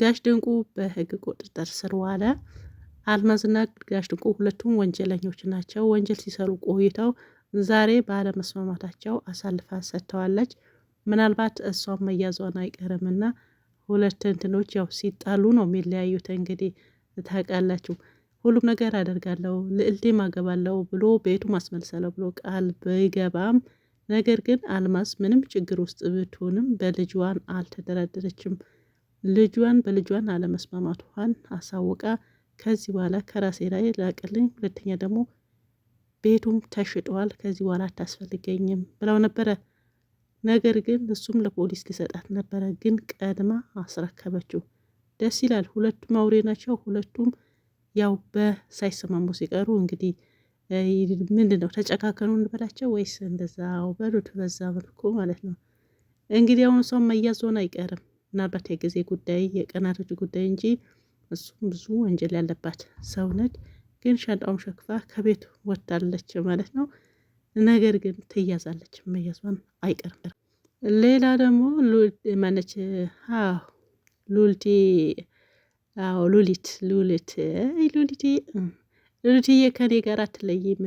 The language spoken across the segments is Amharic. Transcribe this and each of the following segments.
ጋሽ ድንቁ በህግ ቁጥጥር ስር ዋለ። አልማዝና ጋሽ ድንቁ ሁለቱም ወንጀለኞች ናቸው። ወንጀል ሲሰሩ ቆይተው ዛሬ ባለመስማማታቸው አሳልፋ ሰጥተዋለች። ምናልባት እሷም መያዟን አይቀርምና ሁለት እንትኖች ያው ሲጣሉ ነው የሚለያዩት። እንግዲህ ታውቃላችሁ፣ ሁሉም ነገር አደርጋለሁ ልዕልቴም አገባለው ብሎ ቤቱ ማስመልሰለው ብሎ ቃል ብገባም ነገር ግን አልማዝ ምንም ችግር ውስጥ ብትሆንም በልጇን አልተደራደረችም። ልጇን በልጇን አለመስማማቷን አሳውቃ ከዚህ በኋላ ከራሴ ላይ ላቅልኝ፣ ሁለተኛ ደግሞ ቤቱም ተሽጠዋል፣ ከዚህ በኋላ አታስፈልገኝም ብለው ነበረ። ነገር ግን እሱም ለፖሊስ ሊሰጣት ነበረ፣ ግን ቀድማ አስረከበችው። ደስ ይላል። ሁለቱም አውሬ ናቸው። ሁለቱም ያው በሳይሰማሙ ሲቀሩ እንግዲህ ምንድን ነው ተጨካከኑ እንበላቸው ወይስ እንደዛው በሉት፣ በዛ መልኩ ማለት ነው እንግዲህ አሁን ሰው መያዝ ሆን አይቀርም። ምናልባት የጊዜ ጉዳይ የቀናቶች ጉዳይ እንጂ እሱም ብዙ ወንጀል ያለባት ሰው ነች። ግን ሻንጣውን ሸክፋ ከቤት ወጥታለች ማለት ነው። ነገር ግን ትያዛለች፣ መያዟን አይቀርም። ሌላ ደግሞ ማነች? ሉልቲ ሉሊት ሉሊት ሉሊት ሉሊትዬ ከኔ ጋር አትለይም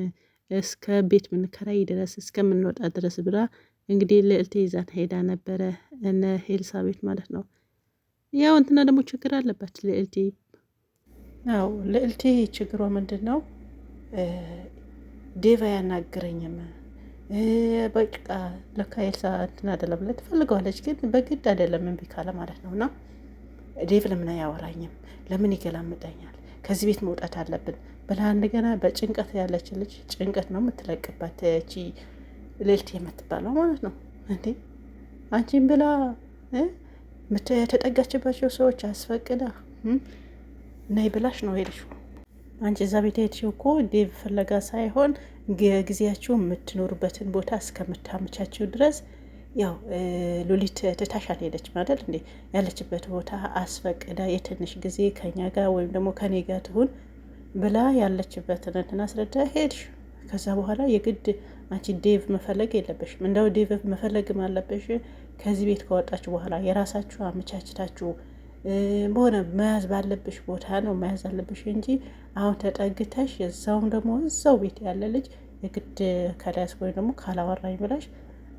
እስከ ቤት ምንከራይ ድረስ እስከምንወጣ ድረስ ብላ እንግዲህ ልዕልቴ ይዛት ሄዳ ነበረ እነ ኤልሳቤት ማለት ነው። ያው እንትና ደግሞ ችግር አለባት ልዕልቴ። አዎ ልዕልቴ ችግሯ ምንድን ነው? ዴቭ አያናግረኝም በቃ ለካ ኤልሳ እንትን አይደለም ብላ ትፈልገዋለች፣ ግን በግድ አደለም እምቢ ካለ ማለት ነው። እና ዴቭ ለምን አያወራኝም? ለምን ይገላምጠኛል? ከዚህ ቤት መውጣት አለብን ብላ እንደገና በጭንቀት ያለች ልጅ ጭንቀት ነው የምትለቅባት ቺ? ልዕልት የምትባለው ማለት ነው። እንዴ አንቺን ብላ የተጠጋችባቸው ሰዎች አስፈቅዳ ነይ ብላሽ ነው ሄደሽው። አንቺ እዛ ቤት ሄድሽው እኮ ዴቭ ፍለጋ ሳይሆን ጊዜያችሁ የምትኖሩበትን ቦታ እስከምታመቻችው ድረስ ያው ሉሊት ትታሽ አልሄደችም ማለት እንዴ? ያለችበት ቦታ አስፈቅዳ የትንሽ ጊዜ ከኛ ጋር ወይም ደግሞ ከኔ ጋር ትሁን ብላ ያለችበትን እንትን አስረዳ ሄድሽ። ከዛ በኋላ የግድ አንቺ ዴቭ መፈለግ የለብሽም። እንደው ዴቭ መፈለግም አለበሽ ከዚህ ቤት ከወጣችሁ በኋላ የራሳችሁ አመቻችታችሁ በሆነ መያዝ ባለብሽ ቦታ ነው መያዝ አለብሽ እንጂ አሁን ተጠግተሽ እዛውም ደግሞ እዛው ቤት ያለ ልጅ የግድ ከዳስ ወይም ደግሞ ካላወራኝ ብላሽ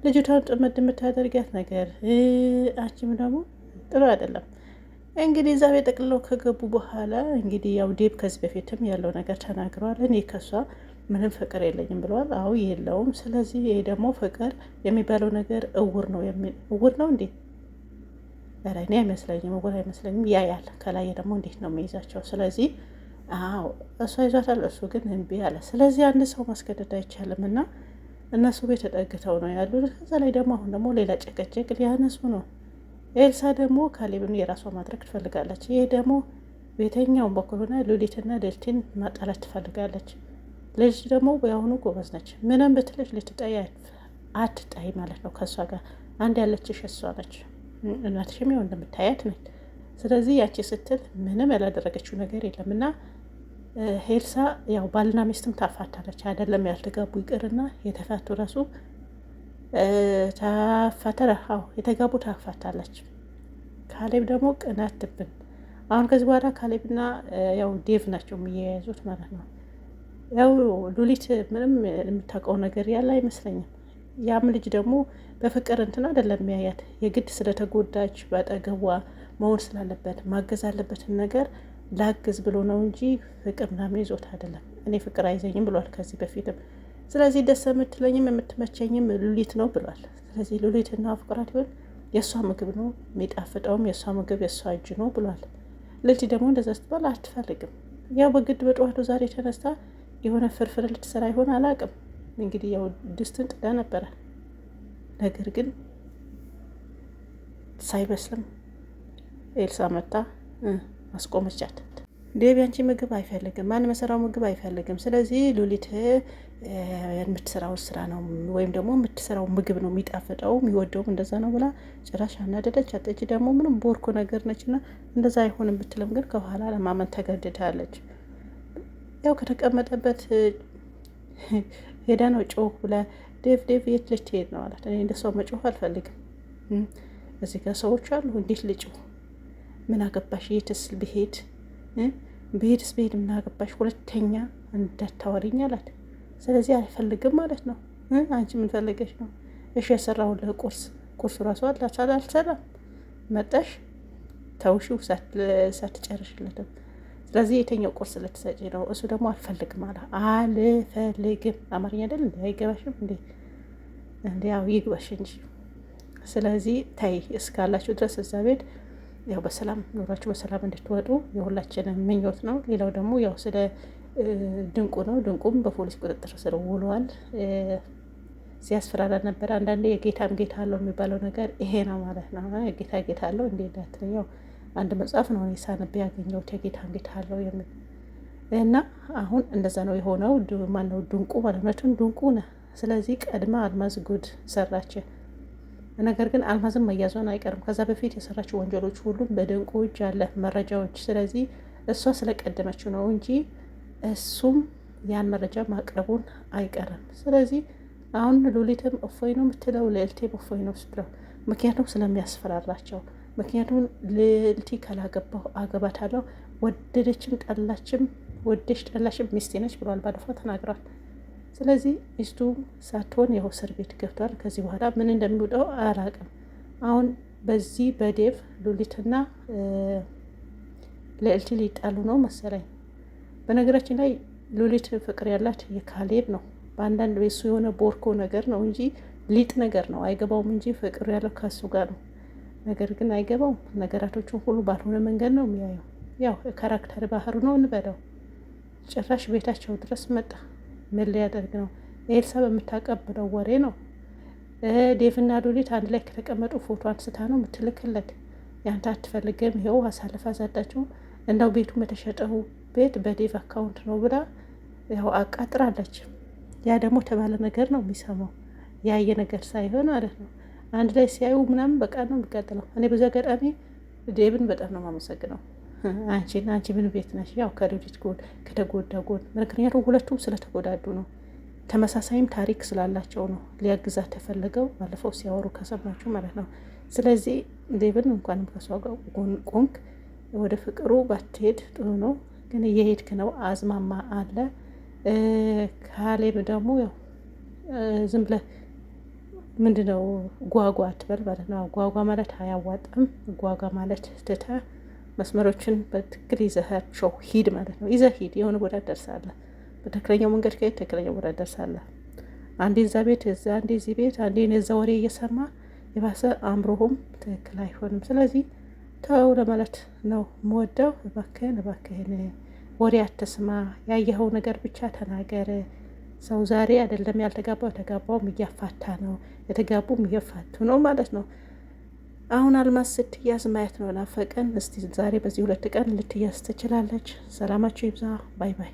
ልጅቷን ጥምድ የምታደርጊያት ነገር አንቺም ደግሞ ጥሩ አይደለም። እንግዲህ እዛ ቤት ጠቅልለው ከገቡ በኋላ እንግዲህ ያው ዴብ ከዚህ በፊትም ያለው ነገር ተናግረዋል። እኔ ከሷ ምንም ፍቅር የለኝም ብለዋል። አዎ የለውም። ስለዚህ ይሄ ደግሞ ፍቅር የሚባለው ነገር እውር ነው እውር ነው እንዴ? ኧረ እኔ አይመስለኝም፣ እውር አይመስለኝም። ያያል ከላይ ደግሞ እንዴት ነው የሚይዛቸው? ስለዚህ አዎ እሷ ይዟታል፣ እሱ ግን እምቢ አለ። ስለዚህ አንድ ሰው ማስገደድ አይቻልም እና እነሱ ቤት ተጠግተው ነው ያሉት። ከዛ ላይ ደግሞ አሁን ደግሞ ሌላ ጭቅጭቅ ሊያነሱ ነው። ኤልሳ ደግሞ ካሌብን የራሷ ማድረግ ትፈልጋለች። ይሄ ደግሞ ቤተኛውን በኩል ሆነ ሉሊትና ደልቲን ማጣላት ትፈልጋለች። ልጅ ደግሞ በአሁኑ ጎበዝ ነች። ምንም ብትልጅ ልትጠያ አትጣይ ማለት ነው። ከእሷ ጋር አንድ ያለችሽ እሷ ነች። እናትሽም ይኸው እንደምታያት ነች። ስለዚህ ያቺ ስትል ምንም ያላደረገችው ነገር የለም እና ሄልሳ ያው ባልና ሚስትም ታፋታለች። አይደለም ያልተጋቡ ይቅርና የተፋቱ ራሱ ታፋተረ ው የተጋቡ ታፋታለች። ካሌብ ደግሞ ቅናት ትብን አሁን ከዚህ በኋላ ካሌብና ያው ዴቭ ናቸው የሚያያዙት ማለት ነው። ያው ሉሊት ምንም የምታውቀው ነገር ያለ አይመስለኝም። ያም ልጅ ደግሞ በፍቅር እንትን አይደለም የሚያያት የግድ ስለተጎዳች በአጠገቧ መሆን ስላለበት ማገዝ አለበትን ነገር ላግዝ ብሎ ነው እንጂ ፍቅር ምናምን ይዞት አይደለም። እኔ ፍቅር አይዘኝም ብሏል ከዚህ በፊትም። ስለዚህ ደስ የምትለኝም የምትመቸኝም ሉሊት ነው ብሏል። ስለዚህ ሉሊትና ፍቅራት ይሆን የእሷ ምግብ ነው የሚጣፍጠውም የእሷ ምግብ የእሷ እጅ ነው ብሏል። ልጅ ደግሞ እንደዛ ስትባል አትፈልግም። ያው በግድ በጠዋቱ ዛሬ ተነስታ የሆነ ፍርፍር ልትሰራ ይሆን አላውቅም። እንግዲህ ያው ድስትን ጥዳ ነበረ። ነገር ግን ሳይበስልም ኤልሳ መታ አስቆመቻት። ዴቢ አንቺ ምግብ አይፈልግም፣ ማን መሰራው ምግብ አይፈልግም። ስለዚህ ሉሊት የምትሰራው ስራ ነው ወይም ደግሞ የምትሰራው ምግብ ነው የሚጣፍጠው፣ የሚወደውም እንደዛ ነው ብላ ጭራሽ አናደደች። አጠጪ ደግሞ ምንም ቦርኮ ነገር ነችና እንደዛ አይሆንም ብትልም ግን ከኋላ ለማመን ተገድዳለች። ያው ከተቀመጠበት ሄዳ ነው ጮህ ብላ ዴቭ ዴቭ የት ልትሄድ ነው አላት። እኔ ሰው መጮህ አልፈልግም። እዚህ ጋር ሰዎች አሉ፣ እንዴት ልጮህ? ምን አገባሽ? የትስ ብሄድ ብሄድስ ብሄድ ምን አገባሽ? ሁለተኛ እንዳታወሪኝ አላት። ስለዚህ አልፈልግም ማለት ነው። አንቺ ምን ፈልገሽ ነው? እሺ የሰራሁልህ ቁርስ ቁርሱ ራሱ አላት አልሰራም። መጣሽ ተውሽው ሳትጨርሽለትም ስለዚህ የተኛው ቁርስ ልትሰጪ ነው? እሱ ደግሞ አልፈልግም አለ። አልፈልግም አማርኛ አይደል እንዲ አይገባሽም እንዲ እንዲ ያው ይግባሽ እንጂ። ስለዚህ ታይ እስካላችሁ ድረስ እዛ ቤት ያው በሰላም ኑሯችሁ በሰላም እንድትወጡ የሁላችንም ምኞት ነው። ሌላው ደግሞ ያው ስለ ድንቁ ነው። ድንቁም በፖሊስ ቁጥጥር ስር ውሏል። ሲያስፈራራ ነበረ። አንዳንዴ የጌታም ጌታ አለው የሚባለው ነገር ይሄ ነው ማለት ነው። ጌታ ጌታ አለው እንዴ አንድ መጽሐፍ ነው እኔ ሳነብ ያገኘሁት የጌታን ቤት አለው የሚል እና አሁን እንደዛ ነው የሆነው። ማነው ድንቁ ማለትነቱን ድንቁ ነ ስለዚህ ቀድማ አልማዝ ጉድ ሰራች። ነገር ግን አልማዝን መያዟን አይቀርም። ከዛ በፊት የሰራችው ወንጀሎች ሁሉም በድንቁ እጅ አለ መረጃዎች። ስለዚህ እሷ ስለቀደመችው ነው እንጂ እሱም ያን መረጃ ማቅረቡን አይቀርም። ስለዚህ አሁን ሉሊትም እፎይ ነው የምትለው፣ ልዕልቴም እፎይ ነው ስትለው፣ ምክንያቱም ስለሚያስፈራራቸው ምክንያቱም ልዕልቲ ካላገባሁ አገባታለሁ ወደደችም ጠላችም ወደሽ ጠላሽም ሚስቴ ነች ብሏል። ባለፈው ተናግሯል። ስለዚህ ሚስቱ ሳትሆን ያው እስር ቤት ገብቷል። ከዚህ በኋላ ምን እንደሚውጠው አላውቅም። አሁን በዚህ በዴቭ ሉሊትና ልዕልቲ ሊጣሉ ነው መሰለኝ። በነገራችን ላይ ሉሊት ፍቅር ያላት የካሌብ ነው። በአንዳንድ ቤሱ የሆነ ቦርኮ ነገር ነው እንጂ ሊጥ ነገር ነው አይገባውም እንጂ ፍቅር ያለው ከሱ ጋር ነው። ነገር ግን አይገባውም። ነገራቶችን ሁሉ ባልሆነ መንገድ ነው የሚያየው። ያው ካራክተር ባህሩ ነው እንበለው። ጭራሽ ቤታቸው ድረስ መጣ። ምን ሊያደርግ ነው? ኤልሳ በምታቀብለው ወሬ ነው። ዴቭና ሉሊት አንድ ላይ ከተቀመጡ ፎቶ አንስታ ነው የምትልክለት። ያንተ አትፈልግም፣ ይኸው አሳልፋ ሰጠችው። እንደው ቤቱም የተሸጠው ቤት በዴቭ አካውንት ነው ብላ ያው አቃጥራለች። ያ ደግሞ ተባለ ነገር ነው የሚሰማው ያየ ነገር ሳይሆን ማለት ነው አንድ ላይ ሲያዩ ምናምን በቃ ነው የሚቃጥለው። እኔ ብዙ አጋጣሚ ዴብን በጣም ነው የማመሰግነው። አንቺን አንቺ ምን ቤት ነሽ? ያው ከድርጅት ጎን ከተጎዳ ጎን፣ ምክንያቱም ሁለቱም ስለተጎዳዱ ነው። ተመሳሳይም ታሪክ ስላላቸው ነው ሊያግዛ ተፈለገው ባለፈው ሲያወሩ ከሰማችሁ ማለት ነው። ስለዚህ ዴብን እንኳንም ከሷ ጋር ቆምክ፣ ወደ ፍቅሩ ባትሄድ ጥሩ ነው። ግን እየሄድክ ነው። አዝማማ አለ ካሌብ ደግሞ ያው ዝም ብለህ ምንድነው ጓጓ አትበል ማለት ነው። ጓጓ ማለት አያዋጣም። ጓጓ ማለት ትተህ መስመሮችን በትክክል ይዘሃቸው ሂድ ማለት ነው። ይዘህ ሂድ፣ የሆነ ቦታ ትደርሳለህ። በትክክለኛው መንገድ ከሄድ ትክክለኛው ቦታ ትደርሳለህ። አንዴ እዛ ቤት እዛ አንዴ እዚህ ቤት አንዴ እዛ ወሬ እየሰማ የባሰ አእምሮህም ትክክል አይሆንም። ስለዚህ ተው ለማለት ነው የምወደው። እባክህን እባክህን ወሬ አትስማ፣ ያየኸው ነገር ብቻ ተናገር። ሰው ዛሬ አይደለም ያልተጋባው የተጋባውም እያፋታ ነው፣ የተጋቡም እየፋቱ ነው ማለት ነው። አሁን አልማዝ ስትያዝ ማየት ነው ናፈቀን። እስቲ ዛሬ በዚህ ሁለት ቀን ልትያዝ ትችላለች። ሰላማችሁ ይብዛ። ባይ ባይ።